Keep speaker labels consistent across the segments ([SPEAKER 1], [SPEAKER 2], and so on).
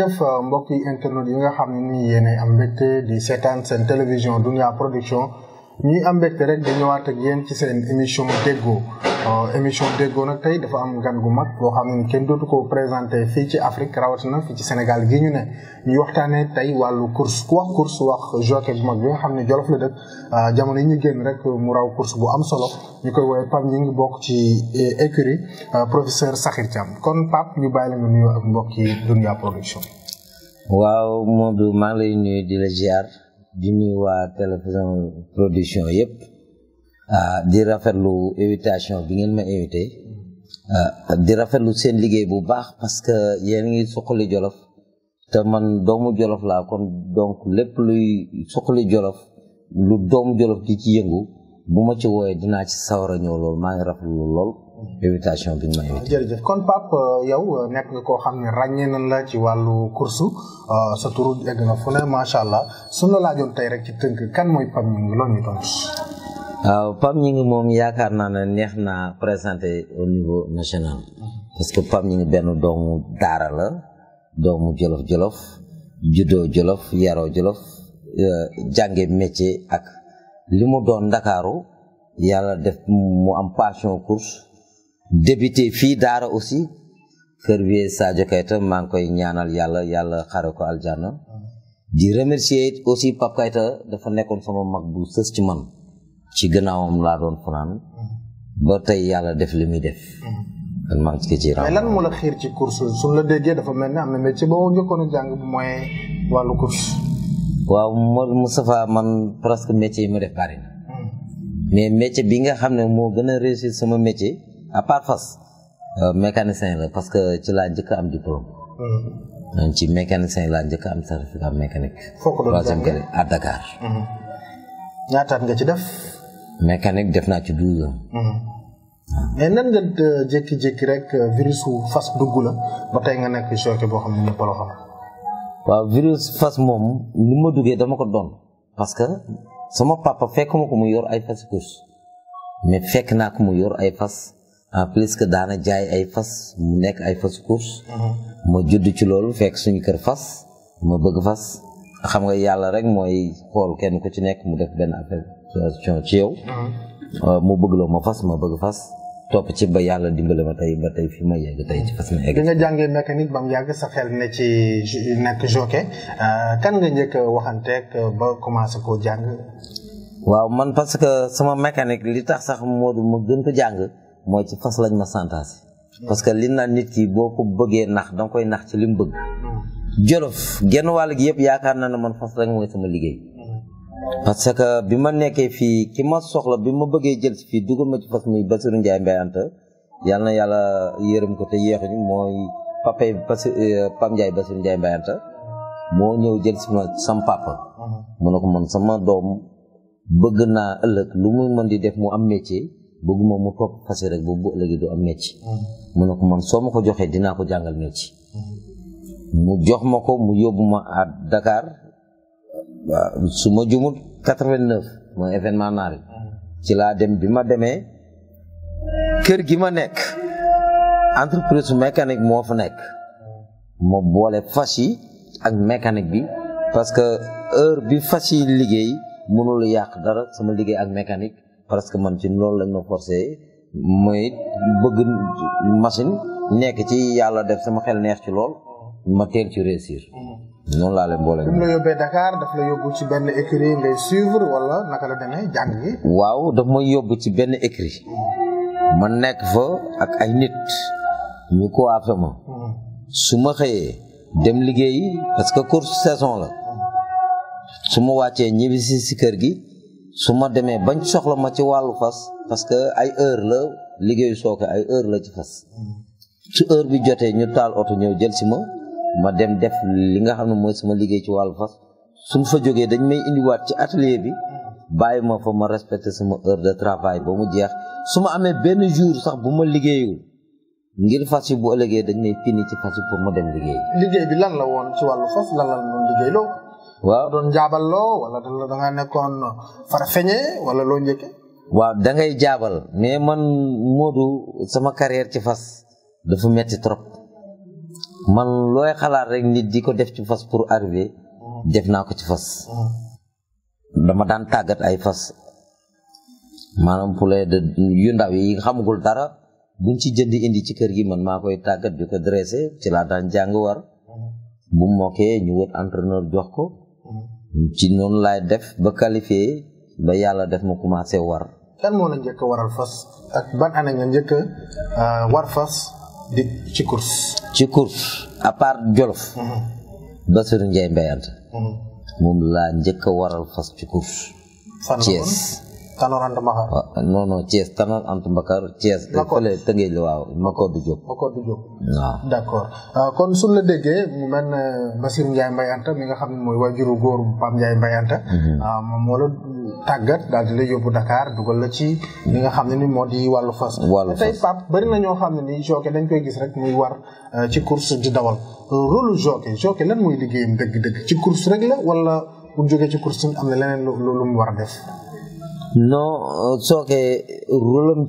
[SPEAKER 1] jërëjëf mbokki internet yi nga xam ni nii yéenay am mbégte di seetaan seen télévision Dunya Production ñuy am mbégte rek di ñëwaat ak yéen ci seen émission déggoo Euh, émission déggoo nag tey dafa am gan gu mag boo xam ne kenn dootu ko présenté fii ci Afrique rawatina fii ci Sénégal gi ñu ne ñu waxtaanee tey wàllu course ku wax course wax jockey bu mag bi xam ne Jolof la dëkk euh, jamono ñi ñu génn rek mu raw course bu am solo ñu koy woowee Pape ñu ngi bokk ci euh, écurie professeur Sakhir Thiam kon Pape ñu bàyyi la nga nuyoo ak yi Dunya Production.
[SPEAKER 2] waaw Modou maa ngi lay nuyu di la ziar di nuyu waa télévision production yëpp. Ah, di rafetlu invitation bi ngeen ma invité ah, di rafetlu seen liggéey bu baax parce que yéen ngi suqali jolof te man doomu jolof laa kon donc lépp luy suqali jolof lu doomu jolof di ci yëngu bu ma ci wooyee dinaa ci sawar a ñëw lool maa ngi rafetlu lool invitation bi ñu ma
[SPEAKER 1] invité kon Pape euh, yow euh, nekk nga koo xam ne ràññee nañ la ci wàllu kursu euh, sa turu egg na fu ne macha allah suñu la laajoon tey rek ci tënk kan mooy Pape ngi loolu ñu tontu
[SPEAKER 2] waaw Pape Gningue moom yaakaar naa ne neex naa présenté au niveau national parce que Pape ngi benn doomu daara la doomu jolof-jolof juddoo jolof yaroo jolof euh, jànge métier ak li mu doon ndakaaru yàlla def mu am passion course débuté fii daara aussi kër bi Sadio Kayta maa ngi koy ñaanal yàlla yàlla xare ko aljanna di remercier aussi Pape dafa nekkoon sama mag bu sës man ci gannaawam laa doon fanaan ba tey yàlla def li muy def kon maa ngi ci raw lan
[SPEAKER 1] moo la la déggee am na métier boo njëkkoon a jàng bu mooy
[SPEAKER 2] wàllu man presque métier yi ma mais métier bi nga xam ne moo gën a réussir sama métier à part fas euh, mécanicien parce que ci laa njëkk am diplôme mm-hmm. ci mécanicien laa njëkk am certificat mécanique troisième à mm-hmm.
[SPEAKER 1] ñaataat nga ci def
[SPEAKER 2] mécanique def naa ci douze
[SPEAKER 1] hmm. mais nan nga euh, jékki-jékki rek euh, virus wu fas dugg la
[SPEAKER 2] ba tey nga nekk choqué boo xam ne ñëpp la xam. waaw virus fas moom ni ma duggee dama ko doon parce que sama papa fekk ma ko mu yor ay fas course mais fekk naa ko mu yor ay fas en plus que daana jaay ay fas mu nekk ay fas course. Hmm. ma judd ci loolu fekk suñu kër fas ma bëgg fas xam nga yàlla rek mooy xool kenn ku ci nekk mu def benn affaire. ci yow euh, mu bëgg loo ma fas ma bëgg fas topp ci ba yàlla dimbale ma tey ba tey fi ma yegg tey ci fas ma yegg. bi
[SPEAKER 1] nga jàngee mécanique ba mu yàgg sa xel ne ci nekk jockey euh, kan nga njëkk waxanteeg euh, ba commencé koo jàng.
[SPEAKER 2] waaw man parce que sama mécanique li tax sax moo du ma gën ko jàng mooy ci fas lañ ma santaasi. parce que li naan nit ki boo ko bëggee nax danga koy nax ci li mu bëgg.
[SPEAKER 3] Hmm.
[SPEAKER 2] jolof genn wàll gi yëpp yaakaar na ne man fas rek mooy sama liggéey. parce que bi ma nekkee fii ki ma soxla bi ma bëggee jël si fii dugal ma ci fas muy Basiru Njaay Mbay Anta yàlla na yàlla yërëm ko te yeexuñu mooy papa bas euh, Pam Njaay Basiru Njaay Mbay moo ñëw jël si ma sam papa uh-huh. mu ko man sama doom bëgg naa ëllëg lu mu mën di def mu am métier bëgguma mu topp fas rek boobu bu ëllëgee du am métier uh-huh. mu ne ko man soo ma ko joxee dinaa ko jàngal métier uh-huh. mu jox ma ko mu yóbbu ma à Dakar waaw su ma jumut quatre mooy événement naar ci laa dem bi ma demee kër gi ma nekk entreprise mécanique moo fa nekk ma boole fas yi ak mécanique bi parce que heure bi fas yi liggéey mënul yàq dara sama liggéey ak mécanique parce que man ci loolu lañ ma forcé mooy bëgg machine nekk ci yàlla def sama xel neex ci lool ma teel ci réussir. noonu laa leen boole. la
[SPEAKER 1] yóbbee Dakar daf la yóbbu ci benn écrit ngay suivre wala naka la demee jàng gi.
[SPEAKER 2] waaw daf may yóbbu ci benn écrit. ma nekk fa ak ay nit. ñu ko affe ma. su ma xëyee dem liggéey parce que courte saison la. su ma wàccee ñibbisi si kër gi su ma demee bañ soxla ma ci wàllu fas parce que ay heure la liggéeyu sooke ay heure la ci fas. su heure bi jotee ñu taal oto ñëw jël si ma. ma dem def li nga xam ne mooy sama liggéey ci wàllu fas suñ fa jógee dañ may indiwaat ci atelier bi bàyyi ma fa ma respecté sama heure de travail ba mu jeex su ma amee benn jour sax bu ma liggéeyul ngir fas yi bu ëllëgee dañ may pini ci fas pour ma dem liggéey.
[SPEAKER 1] liggéey bi lan la woon ci wàllu fas lan la doon liggéey loo. waaw doon jaabal loo wala da nga nekkoon fara feñee wala loo njëkkee.
[SPEAKER 2] waaw da ngay jaabal mais man Modou sama carrière ci fas dafa metti trop. man looy xalaat rek nit di ko def ci fas pour arriver def naa ko ci fas dama daan tàggat ay fas maanaam poulet de yu ndaw yi xamagul dara buñ ci jënd indi ci kër gi man maa koy tàggat di ko dressé ci laa daan jàng war bu mokkee ñu wut entraîneur jox ko ci noonu laay def ba qualifié ba yàlla def ma commencé war.
[SPEAKER 1] kan moo la njëkk waral fas ak ban ana nga euh,
[SPEAKER 2] war fas di ci course. à part Jolof. Mm-hmm. Bassirou Ndiaye Mbayante. Mm-hmm. moom laa njëkk a waral fas ci course.
[SPEAKER 1] Tanor ant Bakar.
[SPEAKER 2] waaw ah, non non Thiès Tanor Anta Bakar Thiès. Makode fële tëngee waaw Makode Diop.
[SPEAKER 1] Makode waaw. d' accord ah, kon suñ la déggee mu mel ne Bassirou Ndiaye Mbaye mi nga xam ne mooy waajuru góor bu Pape Ndiaye mhm. ah, moo la tàggat daal di la yóbbu Dakar dugal la ci. nga xam ne ni moo di wàllu fas. wàllu fas tey Pape na ñoo xam ne ni jockey dañ koy gis rek war euh, ci course di dawal rôle lu jockey jockey lan mooy liggéeyam dëgg-dëgg ci rek la wala bu jógee ci course am na leneen lu lu mu war a def.
[SPEAKER 2] non soo ke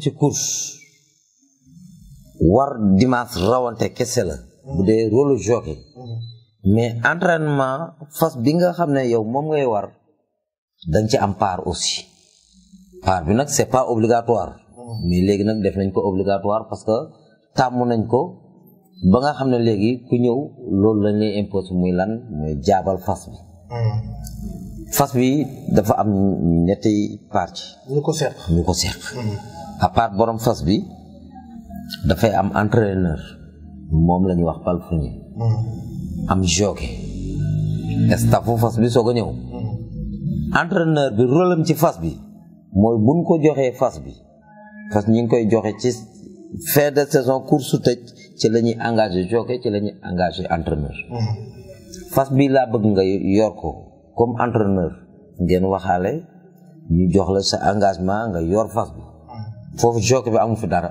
[SPEAKER 2] ci course war dimanche rawante kese la bu dee rôlu jockey mais entrainement fas bi nga xam ne yow moom ngay war danga ci am part aussi part bi nag c'est pas obligatoire mais léegi nag def nañ ko obligatoire parce que tàmm nañ ko ba nga xam ne léegi ku ñëw loolu lañuy lay imposé muy lan muy jaabal fas bi Mm. fas bi dafa am ñetti parti ñu ñu ko seq mm. à part borom fas bi dafay am entraîneur moom la ñuy wax palefrenier mm. am jockey staffu fas bi soog a ñëw entraîneur bi rôle ci fas bi mooy buñ ko joxee fas bi fas ñi ngi koy joxe ci fin de saison course su tëj ci la ñuy engagé jockey ci la engage engagé entraîneur fas bi laa bëgg nga yor ko comme entraîneur ngeen waxaale ñu jox la sa engagement nga yor fas bi foofu choc bi amu fi dara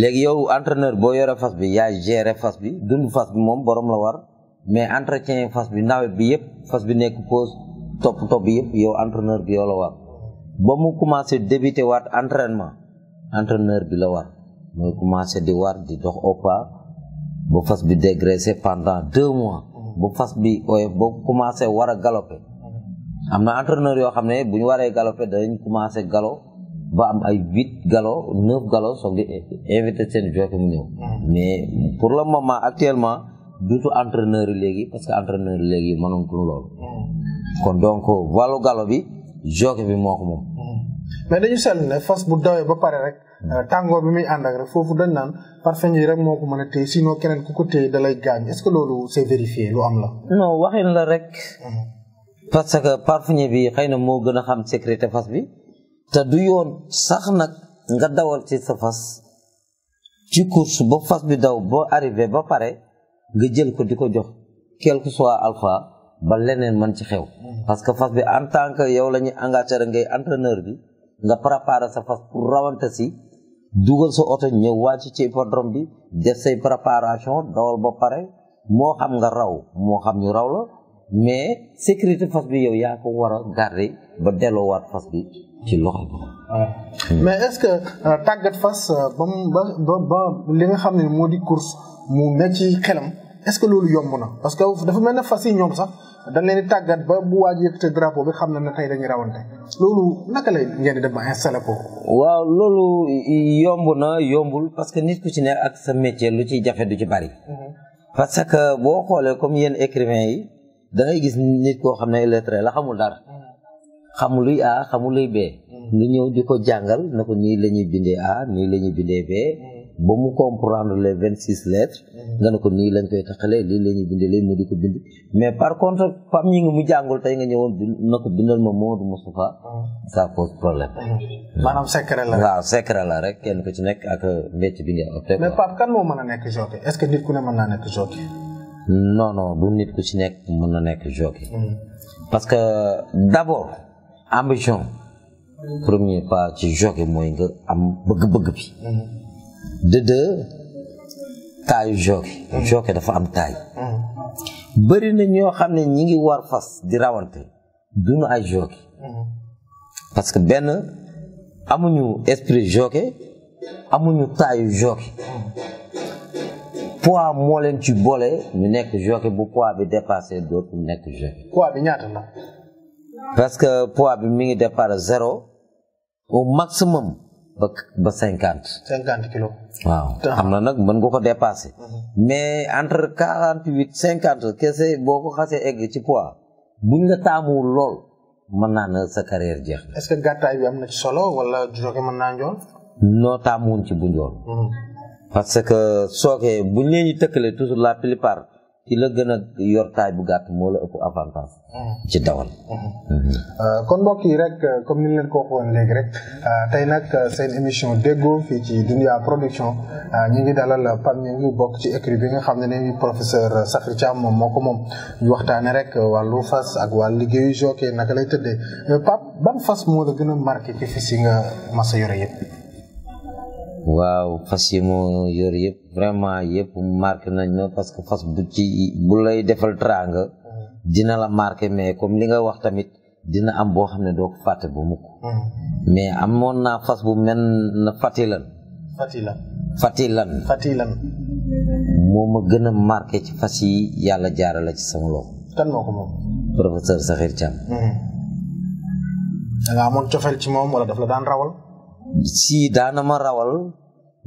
[SPEAKER 2] léegi yow entraîneur boo yore fas bi yaa géré fas bi dund fas bi moom borom la war mais entretien fas bi nawet bi yëpp fas bi nekk pause topp topp yëpp yow entraîneur bi yow la war ba mu commencé débuté waat entraînement entraîneur bi la war mooy commencé di war di dox au bu fas bi dégraissé pendant deux mois bu fas bi oyof ba commencé war a galoper am na entraîneur yoo xam ne bu ñu waree galoper danañ commencé galo ba am ay huit galo neuf galo soog di invité mu ñëw mais pour la moment actuellement duutu entraîneur yi léegi parce que entraîneur yi léegi mënoon tuñu loolu mm. kon donc wàllu galo bi joxe bi moo ko mais
[SPEAKER 1] dañu seetlu ne fas bu dawee ba pare rek hmm. euh, tàngoor bi muy ànd ak rek foofu dañ naan parfum yi rek moo ko mën a téye sinon keneen ku ko téye dalay gaañ est-ce que loolu c'est vérifié lu am la.
[SPEAKER 2] non waxin la rek. Hmm. parce que parfum bi xëy na moo gën a xam sécurité fas bi. te du yoon sax nag nga dawal ci sa fas ci course ba fas bi daw ba arrivé ba pare nga jël ko di ko jox quel que soit alpha ba leneen mën ci xew. Hmm. parce que fas bi en tant que yow la ñuy engagé rek ngay entraîneur bi. nga préparer sa fas pour rawante si dugal sa oto ñëw wàcc ci hippodrome bi def say préparation dawal ba pare moo xam nga raw moo xam ñu raw la mais sécurité fas bi yow yaa ko war a garder ba delloowaat fas bi ci loxo bi.
[SPEAKER 1] mais est-ce que euh, tàggat fas euh, ba ba li nga xam ne moo di course mu ne ci xelam. est-ce que loolu yomb na parce que dafa mel ne fas yi ñoom sax dañ leen di tàggat ba bu waaj yëkkate drapeau bi xam na ne tey dañuy rawante loolu naka lay ngeen di def ba installé ko.
[SPEAKER 2] waaw loolu yomb na yombul parce que nit ku ci ne ak sa métier lu ci jafe du ci bari. Mhm. parce que boo xoolee comme yenn écrivain yi da ngay gis nit koo xam ne illettré la xamul dara. Mhm. xamul luy A xamul luy B. Mhm. nga ñëw di ko jàngal na ko nii la ñuy bindee A nii la ñuy bindee B. ba mu comprendre les vingt six lettres mhm. nga ne ko nii lañ koy taxalee lii la ñuy bindalee mu di ko bind mais par contre pam ñi ngi mu jàngul tey nga ñëwoon na ko bindal ma Modou Moustapha mhm. ça pose problème mhm. maanaam secret la waaw secret la rek kenn ku ci nekk ak mbécc bi nga opté mais
[SPEAKER 1] Pape kan moo mën a nekk jockey est-ce que nit ku ne mën naa nekk jockey
[SPEAKER 2] non non du nit nekk mën na nekk jockey parce que d'abord ambition premier pas ci jockey mooy nga am bëgg-bëgg bi de deux taayu joge mm. joge dafa am taay mm. bëri na ñoo xam ne ñi ngi war fas di rawante duñu ay joge mm. parce que benn amuñu esprit joge amuñu taayu joge poids moo leen ci boole ñu nekk joge bu poids bi dépassé dootu nekk joge
[SPEAKER 1] poids bi ñaata la
[SPEAKER 2] parce que poids bi mi ngi départ zéro au maximum ba ba cinquante.
[SPEAKER 1] cinquante kilos.
[SPEAKER 2] waaw xam na nag mën nga ko dépasser. Mhm. mais entre quarante huit cinquante kese boo ko xasee egg ci poids buñ la taamuwul lool mën naa na sa carrière jeex
[SPEAKER 1] est-ce que gàttaay bi am na ci solo wala joge mën naa njool.
[SPEAKER 2] noo taamuwuñ ci bu njool. Mhm. parce que soo ko buñ leen ñu la plupart ki la gën a yor taay bu gàtt moo la ëpp avantage. Mm-hmm. ci dawal. Mm-hmm.
[SPEAKER 1] Mm-hmm. Euh, kon mbokk yi rek euh, comme ni leen ko waxoon léegi rek euh, tey nag seen émission déggoo fii ci Dunya Production ñu ngi dalal Pape Gningue bokk ci écurie bi nga xam ne ni professeur Sakhir Thiam moom moo ko moom ñu waxtaanee rek wàllu fas ak wàllu liggéeyu jockey naka lay tëddee Pape ban fas moo la gën a marqué ci fas yi nga mas a yore yëpp.
[SPEAKER 2] waaw fas yi moo yor yëpp vraiment yëpp marqué nañ ma parce que fas bu ci bu lay defal teraanga mm-hmm. dina la marqué mais comme li nga wax tamit dina am boo xam ne doog ko fàtte bu mukk mm-hmm. mais amoon naa fas bu mel na fatilan fatilan fatilan fatilan moo ma gën a marqué ci fas yi yàlla jaarale ci sama loxo kan moom professeur Sakhir Thiam mm-hmm. da amoon cofeel ci moom wala daf la daan rawal si daana ma rawal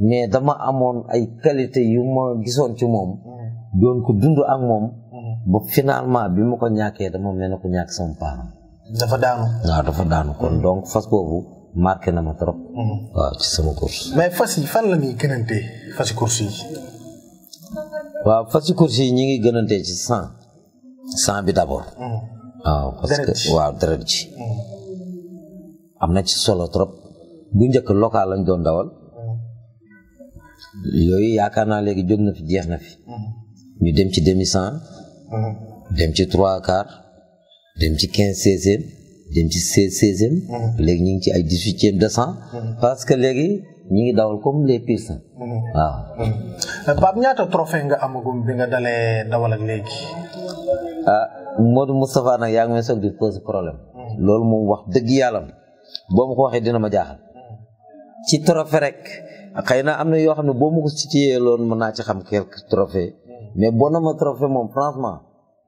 [SPEAKER 2] mais dama amoon ay qualité yu ma gisoon ci moom mm. doon ko dund ak moom mm. ba finalement bi ma ko ñàkkee dama mel ne ko ñàkk sama parent dafa daanu waaw dafa daanu kon mm. donc fas boobu marqué na ma trop waaw ci sama course
[SPEAKER 1] mais fas yi fan la ñuy gënante fas course yi
[SPEAKER 2] waaw fas yi course ci sang sang bi d'abord waaw parce que am na ci solo trop bu njëkk local lañ doon dawal mm-hmm. yooyu yaakaar naa léegi jóg na fi jeex na fi mm-hmm. ñu dem ci demi cent
[SPEAKER 3] mm-hmm.
[SPEAKER 2] dem ci trois quart dem ci quinze seizième dem ci seize léegi ñu ngi ci ay dix huitième deux cent parce que léegi ñu dawal comme les pistons waaw Pape
[SPEAKER 1] ñaata trophée nga amagum bi nga dalee dawal ak léegi
[SPEAKER 2] ah Modou Moustapha nag yaa ngi may di pose problème loolu moom wax dëgg yàlla boo ma ko waxee dina ma jaaxal ci trophée rek xeyna amna yo xamne bo mu ko tiyé lon mëna ci xam quelques trophée mais nama trophée mom franchement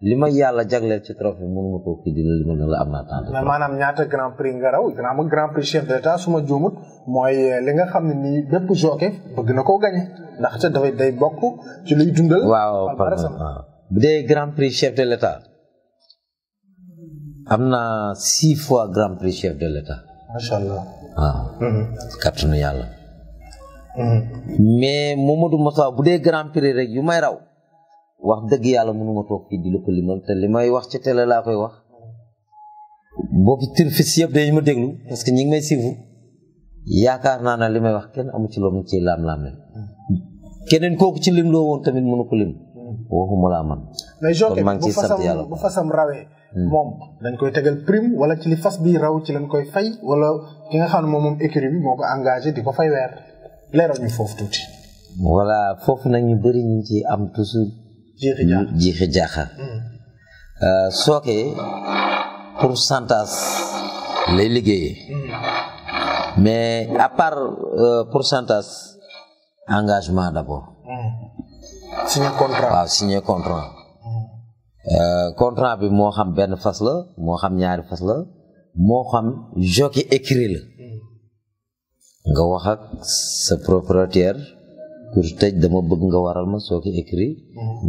[SPEAKER 2] lima yalla jaglé ci trophée mënu mako ko di lu mëna la amna tant
[SPEAKER 1] mais manam ñaata grand prix nga raw dina ma grand prix chef d'état suma joomut moy eh, li nga xamne ni bepp joké bëgg na ko gagner ndax ta dafay day bok
[SPEAKER 2] ci lay dundal waaw ah. bu dé grand prix chef de l'état amna 6 fois grand prix chef de l'état macha allah waaw. Ah. Mm-hmm. kàttanu yàlla. Mm-hmm. mais Momadou Moussa bu dee grand prix rek yu may raw wax dëgg yàlla mënu ma toog fii di la ko te li wax ci télé laa koy wax. boobu turfis yëpp dañu ma déglu parce que ñi ngi may suivre yaakaar naa ne li may wax kenn amu ci loolu ci laam-laam lañ. Mm-hmm. keneen kooku ci lim loo woon tamit mënu ko lim. waxuma laa man. kon maa ngi ciy yàlla bu
[SPEAKER 1] fasam rawee. Hmm. moom dañ koy tegal prime wala ci li fas bi raw ci koy fay wala ki nga xam ne moom moom écurie bi moo ko engagé di ko fay weer leer ñu foofu
[SPEAKER 2] foofu nag ñu bëri ñu ci am toujours. jiixi jaaxa jiixi jaaxa. Hmm. Euh, pour pourcentage lay liggéey hmm. mais à part euh, pourcentage engagement d'abord. signer contrat waaw contrat. Euh, contrant bi moo xam benn fas la moo xam ñaari fas la moo xam jockey écrit la nga wax ak sa propriétaire pour tëj dama bëgg nga waral ma soo ko écrit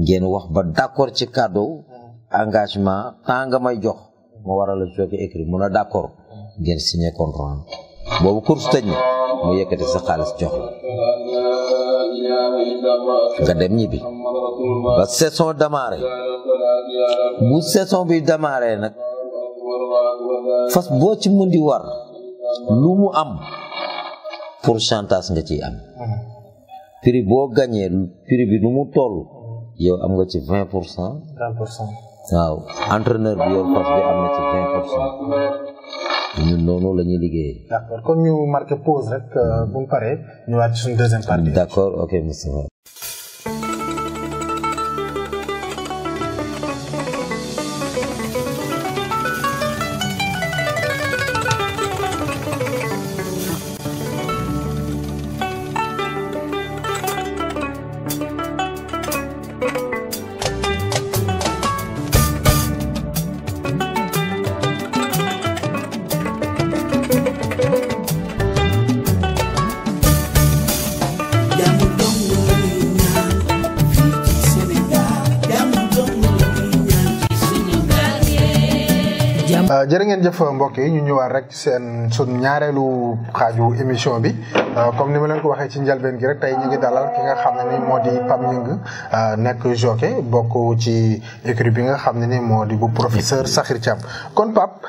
[SPEAKER 2] ngeen wax ba d'accord ci cadeau engagement temps nga may jox ma waral la soo ko écrit mun a ngeen signé contrat boobu course tëj na mu yëkkati sa xaalis jox la
[SPEAKER 3] nga dem ñibbi ba saison démarré bu
[SPEAKER 2] saison bi démarré nag fas boo ci di war lu mu am pourcentage nga ciy am prix boo gañee prix bi nu mu toll am nga ci vingt pour cent waaw entraîneur bi yow fas bi am na ci vingt pour cent ñun noonu la ñuy liggéeyee.
[SPEAKER 1] d'accord kon ñu marqué pause rek euh, bu mu paree
[SPEAKER 2] ñu waat ci suñu deuxième partie. d'accord ok Moustapha.
[SPEAKER 1] Euh, jere ngeen jëf mbokk yi ñu ñëwaat rek seen sun ñaareelu xaaju émission bi euh, comme ni ma leen ko waxee ci njalbeen gi rek tey ñu ngi dalal ki nga xam ni moo di Pape Gningue euh, nekk jockey bokk ci écrit bi nga xam ni moo di bu professeur Sakhir Thiam kon Pap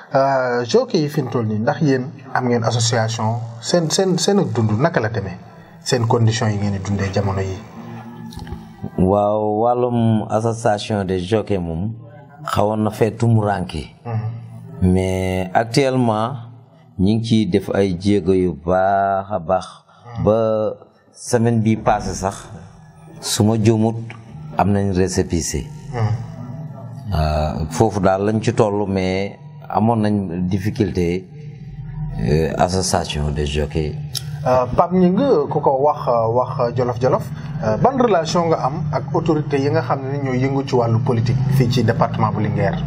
[SPEAKER 1] jockey yi fi mu toll nii ndax yéen am ngeen association seen seen seen ak dund naka la demee seen condition yi ngeen di jamono yi.
[SPEAKER 2] waaw wàllum association des jockeys moom xawoon na fee mais actuellement ñi ngi ciy def ay jéego yu baax a baax ba semaine bi passé sax su ma jumut am nañ récépissé hmm. euh, foofu daal lañ ci toll mais amoon nañ difficulté euh, association des jockeys
[SPEAKER 1] euh, Pape Gningue ku ko wax wax jolof-jolof ban relation nga am ak autorité yi nga xam ne ñoo yëngu ci wàllu politique fii ci département bu Linguère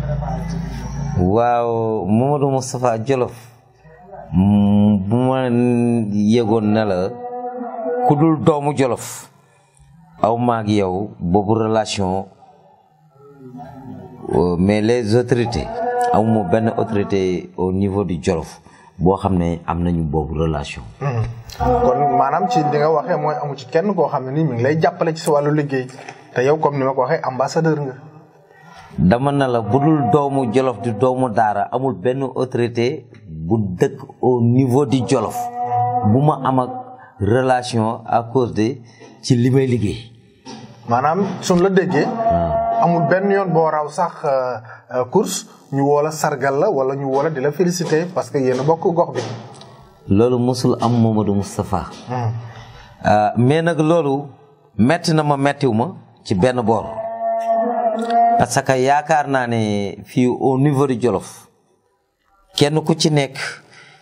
[SPEAKER 2] waaw Mamadou Moustapha Jolof mm, bu ma yëgoon na la ku dul doomu Jolof aw maag yow boobu relation euh, mais les autorités aw ma benn autorité au niveau du Jolof boo xam ne am na ñu boobu relation.
[SPEAKER 3] Hmm.
[SPEAKER 1] kon maanaam ci li nga mooy amu ci kenn koo xam ne ni mi lay jàppale ci sa wàllu liggéey te yow comme ni ma ko ambassadeur nga.
[SPEAKER 2] dama na la bu dul doomu jolof di doomu daara amul benn autorité bu dëkk au niveau di jolof bu ma am ak relation à cause de ci li liggéey.
[SPEAKER 1] maanaam suñ la déggee. Ah. amul benn yoon boo raw sax euh,
[SPEAKER 2] euh, course ñu
[SPEAKER 1] woola sargal la wala ñu woola di la félicité parce que yéen bokk gox bi.
[SPEAKER 2] loolu mosul am Mamadou Moustapha. Hmm. Ah, mais nag loolu metti na ma mettiw ma ci benn boor. parce que yaakaar naa ne fi au niveau du Jolof kenn ku ci nekk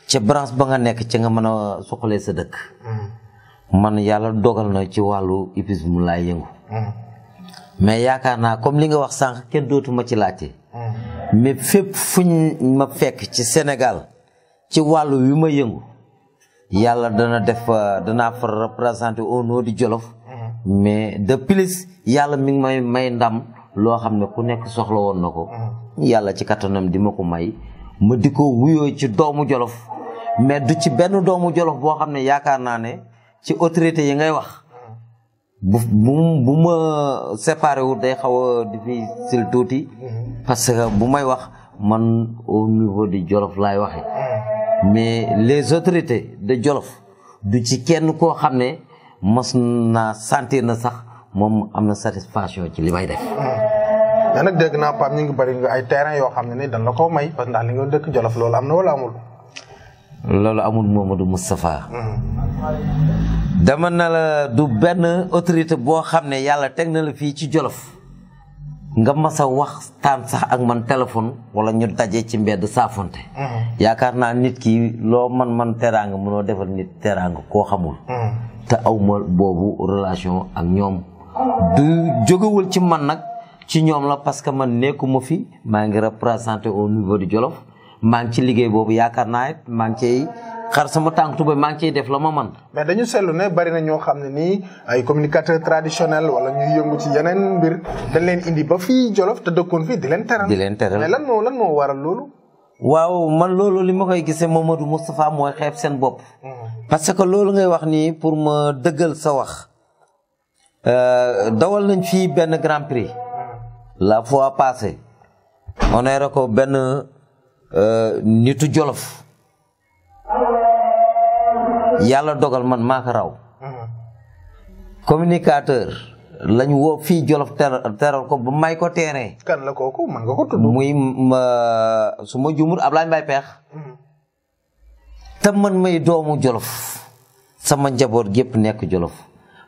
[SPEAKER 2] ca branche ba nga nekk ci nga mën a sa dëkk.
[SPEAKER 3] Mm-hmm.
[SPEAKER 2] man yàlla dogal na ci wàllu épisme laa yëngu. Mm-hmm. mais yaakaar naa comme li nga wax sànq kenn dootuma ci laajte. Mm-hmm. mais fépp fu ma fekk ci Sénégal ci wàllu wi ma yëngu da dana def danaa fa représenter au nom du Jolof. mais de plus yàlla mi ngi may loo xam ne ku nekk soxla woon na ko mm-hmm. yàlla ci kattanam di ma ko may ma di ko wuyoo ci doomu jolof mais du ci benn doomu jolof boo xam ne yaakaar naa ne ci autorité yi ngay wax bu bu ma séparé wu day xaw a difficile tuuti mm-hmm. parce que bu may wax man au di jolof laay waxe mm-hmm. mais les autorités de jolof du ci kenn koo xam ne mas naa sentir na sax mom amna satisfaction ci limay def.
[SPEAKER 1] da nak deug na pam ñi ngi bari nga ay terrain yo xamne ni dañ la ko may parce que ndax li nga dekk jollof loolu amna wala amul.
[SPEAKER 2] loolu amul Momadou mustafa dama na la du ben autorité bo xamne yalla tek na la fi ci jollof nga sa wax tan sax ak man telephone mm-hmm. wala ñu dajé ci sa fonté yaakar na nit ki lo man man terang mëno defal nit terang ko xamul mm-hmm. ta awma bobu relation ak ñom du jógewul ci man nag ci ñoom la parce que man nekkuma fi maa ngi représenté au niveau du Jolof maa ngi ci liggéey boobu yaakaar naa it maa ngi ciy xar sama tànk tuba maa ngi ciy def la ma man
[SPEAKER 1] mais dañu seetlu ne bari na ñoo xam ne nii ay communicateur traditionnel wala ñuy yëngu ci yeneen mbir dañ leen indi ba fi Jolof te dëkkoon fii di leen teral
[SPEAKER 2] leen teral mais
[SPEAKER 1] lan moo lan moo waral
[SPEAKER 2] loolu. waaw man loolu li ma koy gisee Mamadou Moustapha mooy xeeb seen bopp. Mm-hmm. parce que loolu ngay wax nii pour ma dëggal sa wax. Euh, dawal nañ fii benn grand prix la fois passée honoré ko benn euh, nitu jolof yàlla dogal man maa ko raw communicateur lañ woo fii jolof teral ko ba may ko terrain. kan la kooku mën nga ko tudd. muy Peex. Mm-hmm. te man may doomu jolof sama njaboot gépp nekk jolof.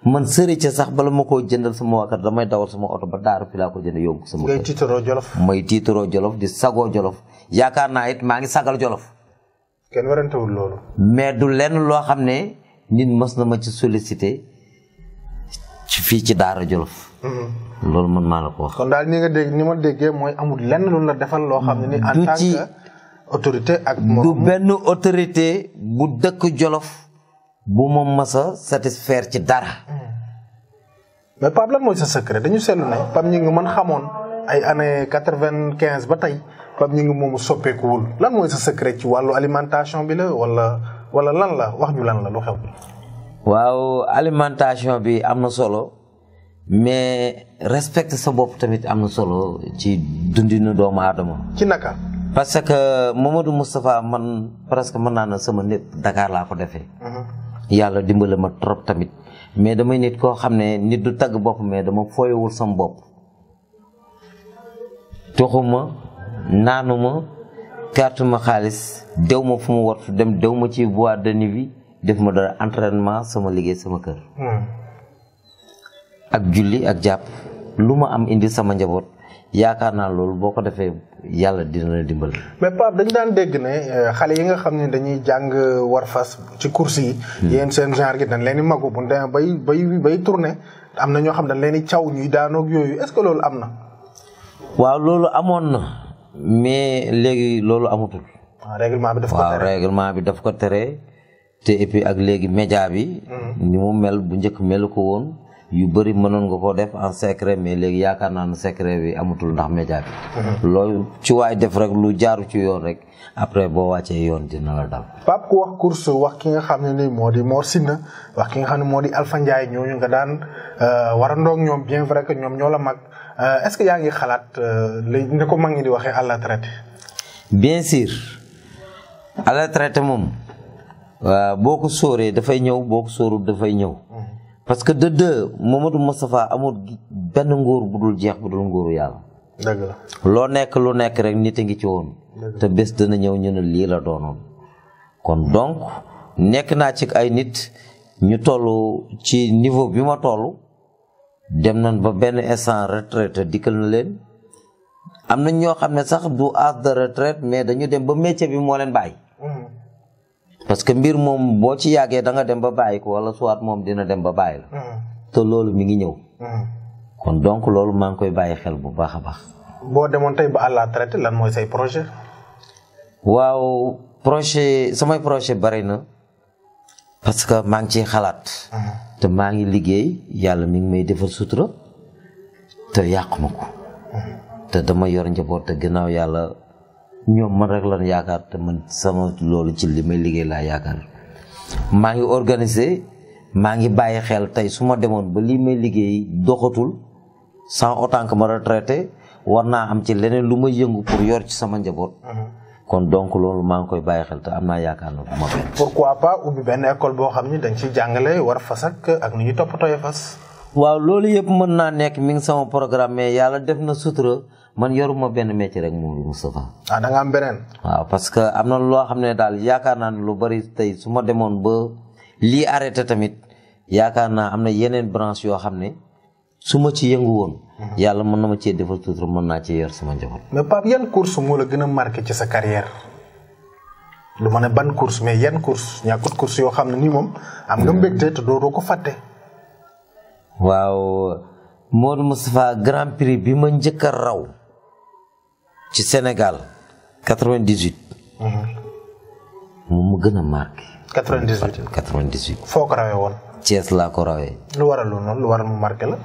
[SPEAKER 2] man sëriñ sax bala ma koo jëndal sama waa kër damay dawal sama oto ba daar fi laa ko jënd yóbbu sama kër tiitaroo jolof may tiitaroo jolof di sagoo jolof yaakaar naa it maa ngi sagal jolof
[SPEAKER 1] kenn warantewul loolu
[SPEAKER 2] mais du lenn loo xam ne nit mës na ma ci sollicité fii ci daara jolof mm-hmm. loolu man maa la ko wax
[SPEAKER 1] kon daal ni nga dégg ni ma déggee mooy amul lenn lu la defal loo xam ne ni mm-hmm. en
[SPEAKER 2] tant que autorité ak du benn autorité bu dëkk jolof bu ma sa satisfaire ci dara. Hmm. mais pap lan moy sa
[SPEAKER 1] secret dañu sellu ne Pape ñi ngi man xamone ay année 95 ba tay ba ñi Pape mom soppé moomu wul lan moy sa secret ci walu alimentation bi la wala wala lan la wax ñu lan la lu xew.
[SPEAKER 2] waaw alimentation bi amna solo mais respect sa bop tamit amna solo ci dundinu ma adama ci naka. parce que Mamadou mustapha man presque man nana sama nepp Dakar la ko defee. Mhm. yàlla dimbale ma trop tamit mais damay nit koo xam ne nit du tagg bopp mais dama fooyewul sama bopp toxuma naanuma kartuma xaalis dew ma fu mu war fu dem dew ma ci boîte de bi def ma dara entraînement sama liggéey sama kër hmm. ak julli ak jàpp lu ma am indi sama njaboot yaakaar naa loolu boo ko defee yàlla dina la dimbal.
[SPEAKER 1] mais Pape dañu daan dégg ne euh, xale yi nga xam ne dañuy jàng war fas ci course yi. Hmm. yéen seen genre gi dañ leen di magu bu demee bay bay bay tourné am na ñoo xam dañ leen di caw ñuy daanoog yooyu est-ce que loolu am na.
[SPEAKER 2] waaw loolu amoon na mais léegi loolu amatul. Ah, règlement bi daf ko waaw règlement bi daf ko tere te et ak léegi média bi. Hmm. ni mu mel bu njëkk melu ko woon. yu bëri mënoon nga ko def en secret mais léegi yaakaar naa ne secret bi amatul ndax média bi mhm. loolu ci waay def rek lu jaaru ci yoon rek après boo wàccee yoon dina la daal
[SPEAKER 1] Pape ku wax course wax ki nga xam ne ni moo di Mor Sina wax ki nga xam ne moo di Alpha Ndiaye ñooñu nga daan euh, warandoog ñoom bien vrai que ñoom ñoo la mag euh, est-ce que yaa ngi xalaat euh, léegi ne ko mag ñi di waxee à la
[SPEAKER 2] bien sûr à la moom boo ko soree dafay ñëw boo ko sóorul dafay ñëw parce que de deux Mamadou Moustapha amul benn nguur bu dul jeex bu dul nguuru yàlla. loo nekk lu nekk rek nit a ngi ci woon. te bés dana ñëw ñu ne lii la doonoon. kon donc nekk naa ci ay nit ñu toll ci niveau bi ma toll dem nañ ba benn instant retraite dikkal na leen am na ñoo xam ne sax du âge de retraite mais dañu dem ba métier bi moo leen bàyyi. parce que mbir moom boo ci yàggee danga dem ba bàyyi ko wala soit moom dina dem ba bàyyi la. Ah. te loolu mi ngi ñëw. Ah. kon donc loolu maa ngi koy bàyyi xel bu baax a baax.
[SPEAKER 1] boo demoon tey ba à la lan mooy say projet.
[SPEAKER 2] waaw projet samay projet bari na parce que maa ngi ciy xalaat. Ah. te maa ngi liggéey yàlla mi ngi may defal sutura te yàqu ma ko. dama yor njaboot te gannaaw yàlla. ñoom man rek lan yaakaar te man sama loolu ci li may liggéey laa yaakaar maa ngi organisé maa ngi bàyyi xel tey su ma demoon ba li may liggéey doxatul sans autant que ma retraité war naa am ci leneen lu may yëngu pour yor ci sama njaboot. kon donc loolu maa ngi koy bàyyi xel te am naa yaakaar na bu ma
[SPEAKER 1] benn. pourquoi pas ubbi benn école
[SPEAKER 2] boo xam ni dañ ciy jàngale war fas ak ak ni ñu toppatooy fas. waaw loolu yëpp mën naa nekk mi ngi sama programme mais yàlla def na sutura. man yoruma benn métier rek moom bi Moustapha. ah da am beneen. waaw parce que am na loo xam ne daal yaakaar naa ne lu bari tey su ma demoon ba lii arrêté tamit yaakaar naa am na yeneen branche yoo xam ne su ma ci yëngu woon. Mhm. yàlla mën na ma cee defal tuuti mën naa ci yor sama njaboot.
[SPEAKER 1] mais Pape yan course moo la gën a marqué ci sa carrière. du ne ban course mais yan course ñàkkut course yoo xam ne nii moom am nga hmm. mbégte te doo doo ko fàtte.
[SPEAKER 2] waaw Modou Moustapha Grand Prix bi ma njëkk a raw. ci Sénégal 98. moom mu gën a marqué. foo ko rawee woon. Thiès laa ko rawee. lu waral lu noonu lu waral mu marqué la.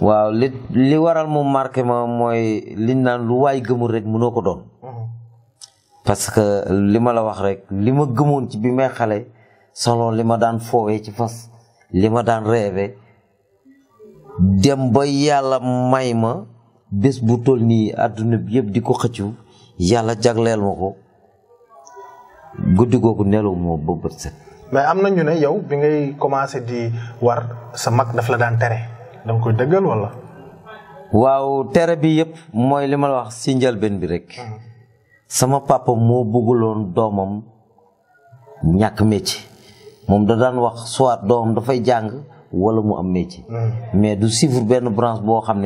[SPEAKER 2] waaw li waral mu marqué ma mooy liñ naan lu waay gëmul rek mënoo ko doon. Mhm. parce que li la wax rek lima ma ci bi may xale solo li daan foowee ci fas li ma daan reewee dem ba yàlla may ma. bes bu tol ni aduna bi yeb di ko xëccu yàlla jagleel ma guddi gogu nelaw mo bo bët mais amna ñu ne
[SPEAKER 1] yow bi ngay commencer di war sa mak daf la daan téré dang koy deggal wala.
[SPEAKER 2] waaw téré bi yeb moy lima wax si ben bi rek. Mhm. sama papa mo bugulon domam ñak metti mom da daan wax soit da fay jang wala mu am metti mhm. mais du sifur ben branche bo xam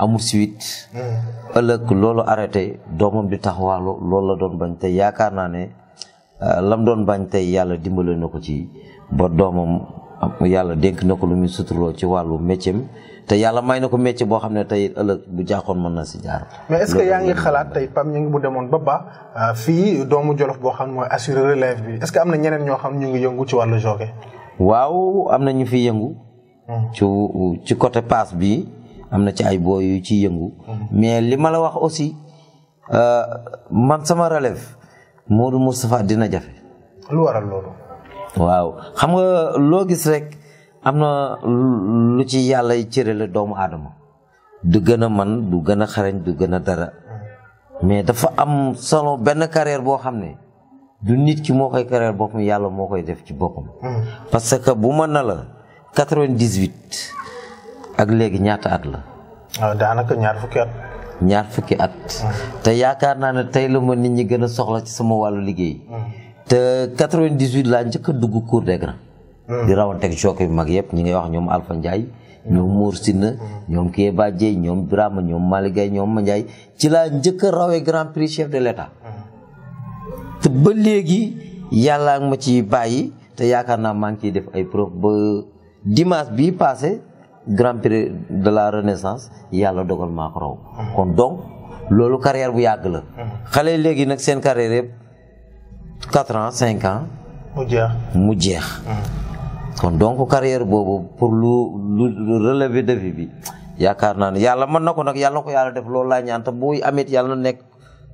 [SPEAKER 2] amul suite hmm. ëllëg loolu arrêté doomam di tax taxawaalu loolu la doon bañ tey yaakaar naa ne euh, lam doon bañ tey yàlla dimbalee na ko ci ba doomam yàlla dénk na ko lu muy suturoo ci wàllu métier te yàlla may na ko métier boo xam ne tey ëllëg bu jaaxoon mën na si jaar. mais est yaa ngi
[SPEAKER 1] xalaat tey Pape ñu ngi bu demoon ba ba euh, fii doomu Jolof boo xam ne mooy assurer relève bi est-ce que am na ñeneen ñoo xam ñu ngi yëngu ci wàllu joge.
[SPEAKER 2] waaw am na ñu fi yëngu. Hmm. ci ci côté passe bi. am na ci ay boo yu ci yëngu mhm. mais li ma la wax aussi euh, man sama relève Modou Moustapha dina jafe lu waral loolu waaw xam nga loo gis rek am na lu ci yàlla cërale doomu aadama du gën a man du gën a xarañ du gën a dara mhm. mais dafa am solo benn carrière boo xam ne du nit ki moo koy carrière boppam yàlla moo koy def ci boppam mhm. parce bu mën na la vingt dix huit ak léegi ñaata at la. waaw ah, daanaka ñaar fukki at. ñaar fukki at. Mm. te yaakaar naa ne tey la ma nit ñi gën a soxla ci sama wàllu liggéey. Mm. te 98 laa njëkk a dugg cour des grands. Mm. di rawanteeg choc yu mag yëpp ñi ngay wax ñoom Alpha Ndiaye. ñoom Mour Sine ñoom Kéba Dieye ñoom Birama ñoom Maligay ñoom Mandiaye ci laa njëkk a rawee grand prix chef de l' te ba léegi yàllaa ma ci bàyyi te yaakaar naa maa ngi def ay preuve ba dimanche bii passé. grand prix de la renaissance yàlla dogal maa ko raw kon donc loolu carrière bu yàgg la xale léegi nag seen carrière yëpp quatre ans cinq ans mu jeex mu jeex kon donc carrière boobu pour lu lu relever défi bi yaakaar naa ne yàlla mën na ko nag yàlla ko yàlla def loolu laa ñaan te amit yàlla nekk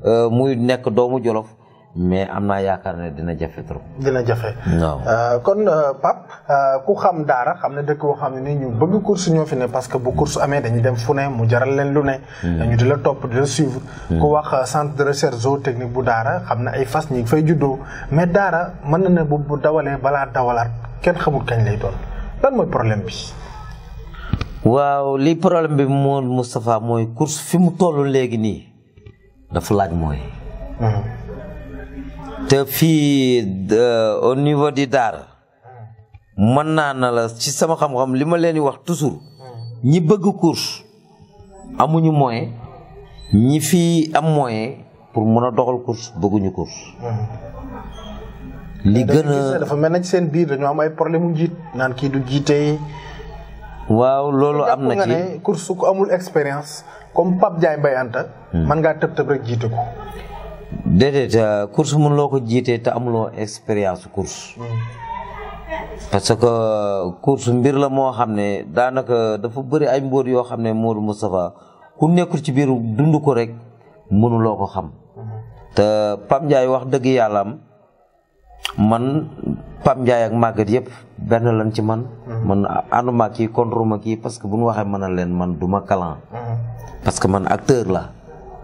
[SPEAKER 2] euh, muy nekk doomu jolof mais am naa yaakaar na dina jafe trop. dina jafe. waaw
[SPEAKER 1] euh, kon euh, Pape euh, ku xam daara xam ne dëkk boo xam ne ni ñu bëgg course ñoo fi ne parce que bu course amee dañuy dem fu ne mu jaral leen lu ne. Hmm. ñu di la topp di la suivre. Hmm. ku wax centre de recherche zootechnique bu daara xam ne ay fas ñi fay juddoo mais daara mën na ne bu bu dawalee balaa dawalaat kenn xamul kañ lay doon lan mooy problème bi.
[SPEAKER 2] waaw li problème bi moom Moustapha mooy course fi mu toll léegi nii dafa laaj mooy. Hmm. tafid au niveau di dar, mana naa na la ci sama xam-xam sur, ma leen di wax toujours ñi bëgg course amuñu moyen ñi fii am moyen pour mën a doxal course bëgguñu course li gën dafa
[SPEAKER 1] mel ci seen biir dañu am ay problème mu nan ki du jité
[SPEAKER 2] waaw lolu amna ci
[SPEAKER 1] course ko amul experience, comme pap jay Mbaye Anta man hmm. nga rek jité ko
[SPEAKER 2] déedéet euh, course mun loko jité ta amulo experience course parce que euh, course mbir la mo xamné danaka dafa bëri ay mur yo xamné Modou Moustapha ku nekkul ci biir dundu ko rek mënuloo loko xam te Pam jaay wax deug yalla man Pam jaay ak magat yep ben lan ci man man anuma pas contre ma kii parce que bu man duma kalan mhm. parce que man acteur la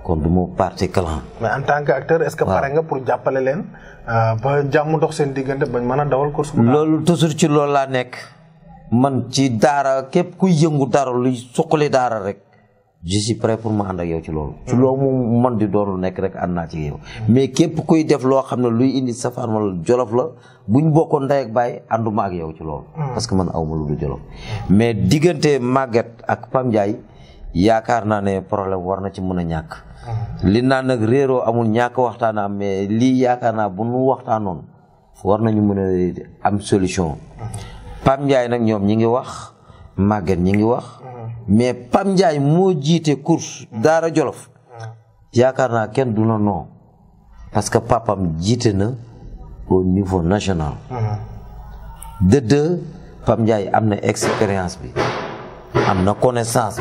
[SPEAKER 2] kon du mo parti clan.
[SPEAKER 1] mais en tant que acteur est ce que pare nga pour jappalé len eh, ba jàmm dox sen digënde bañ mëna dawal course. lolu toujours
[SPEAKER 2] ci lolu la nek man ci dara kep ku yëngu dara lu suqali dara rek je suis prêt pour ma ànd ak yow ci lolu hmm. ci lolu man di doon nek rek ànd na ci yow. Hmm. mais képp kuy def lo xam luy indi safar wala jolof la buñ bokkoon nday ak bàyyi ànduma ak yow ci lolu hmm. parce que man awma lu jolof. mais diggante Maguette ak Pam jaay yaakaar naa ne problème war na ci mën a ñàkk. li naan nag réeroo amul ñàkk waxtaan am mais lii yaakaar naa bu nu waxtaanoon war nañu mën a am solution Pam Ndiaye nag ñoom ñi ngi wax Maguette ñi ngi wax mais Pam Ndiaye moo jiite course Daara Jolof yaakaar naa kenn du la parce que papam jiite na au niveau national de deux Pam am na expérience bi am na connaissance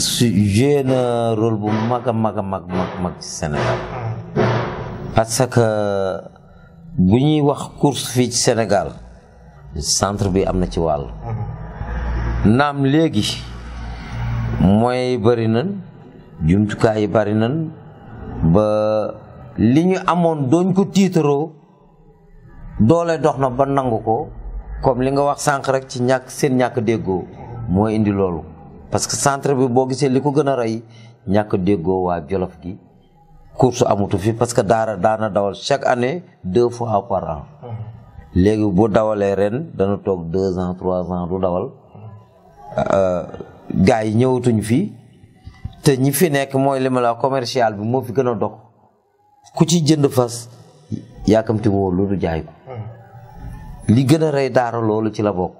[SPEAKER 2] sujena na maga bu mag mag mag Senegal. mag ci Sénégal parce bu ñuy wax course fi senegal centre bi amna ci wal nam legi moy bari nan jumtukaay yi bari nan ba liñu amone doñ ko titero dole doxna ba nanguko comme li nga wax sank rek ci ñak seen ñak deggo moy indi loolu parce que centre bi boo gisee li ko gën a ray ñàkk déggoo waa jolof gi course amutu fi parce que daara daana dawal chaque année deux fois par an léegi bu dawalee ren dana toog deux ans trois ans du dawal euh, gars yi ñëwatuñ fii te ñi fi nekk mooy li ma commercial bi moo fi gën a dox ku ci jënd fas yàkkamti woo loolu jaay ko li gën a rey daara loolu ci la bokk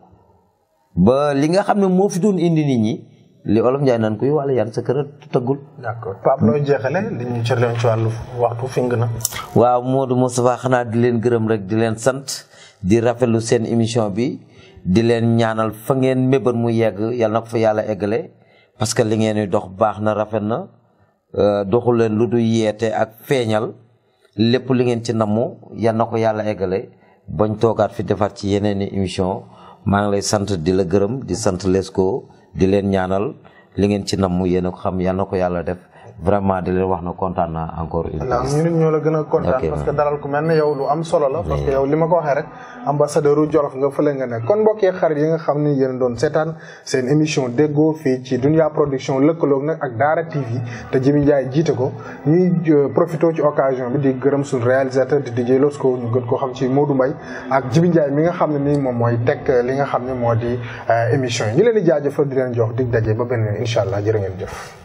[SPEAKER 2] ba li nga xam ne moo fi doon indi nit ñi li olof Njaay naan kuy wàll yaan sa kër a tëggul. d'accord Pape looy jeexale li ñu cërleen ci wàllu waxtu fing na. waaw Modou Moustapha xanaa di leen gërëm rek di leen sant di rafetlu seen émission bi di leen ñaanal fa ngeen mébat mu yegg yàlla na ko fa yàlla eggale parce que li ngeen di dox baax na rafet na euh, doxu leen lu du yeete ak feeñal lépp li ngeen ci nammu yàlla na ko yàlla eggale bañ toogaat fi defaat ci yeneen i émission maa ngi lay sant di la gërëm di sant Lesko. di leen ñaanal li ngeen ci namm yéen a xam yal na ko yàlla def vraiment di leen wax na kontaan naa encore. une
[SPEAKER 1] fois la gën a kontaan parce que dalal ku mel ne yow lu am solo la. parce que yow li ma ko waxee rek ambassadeur Jolof nga fële nga ne kon mbokk yi yi nga xam ni yéen doon seetaan seen émission déggoo fii ci Dunya production lëkkaloog nag ak Daara TV te Jimi jiite ko ñuy euh, profité ci occasion bi di gërëm suñu réalisateur di DJ ko ñu gën koo xam ci Modou Mbaye ak Jimi Ndiaye mi nga xam ne nii moom mooy teg li nga xam ne moo di euh, émission yi ñu leen di jaajëfal di leen jox dig daje ba benn incha allah jërë ngeen jëf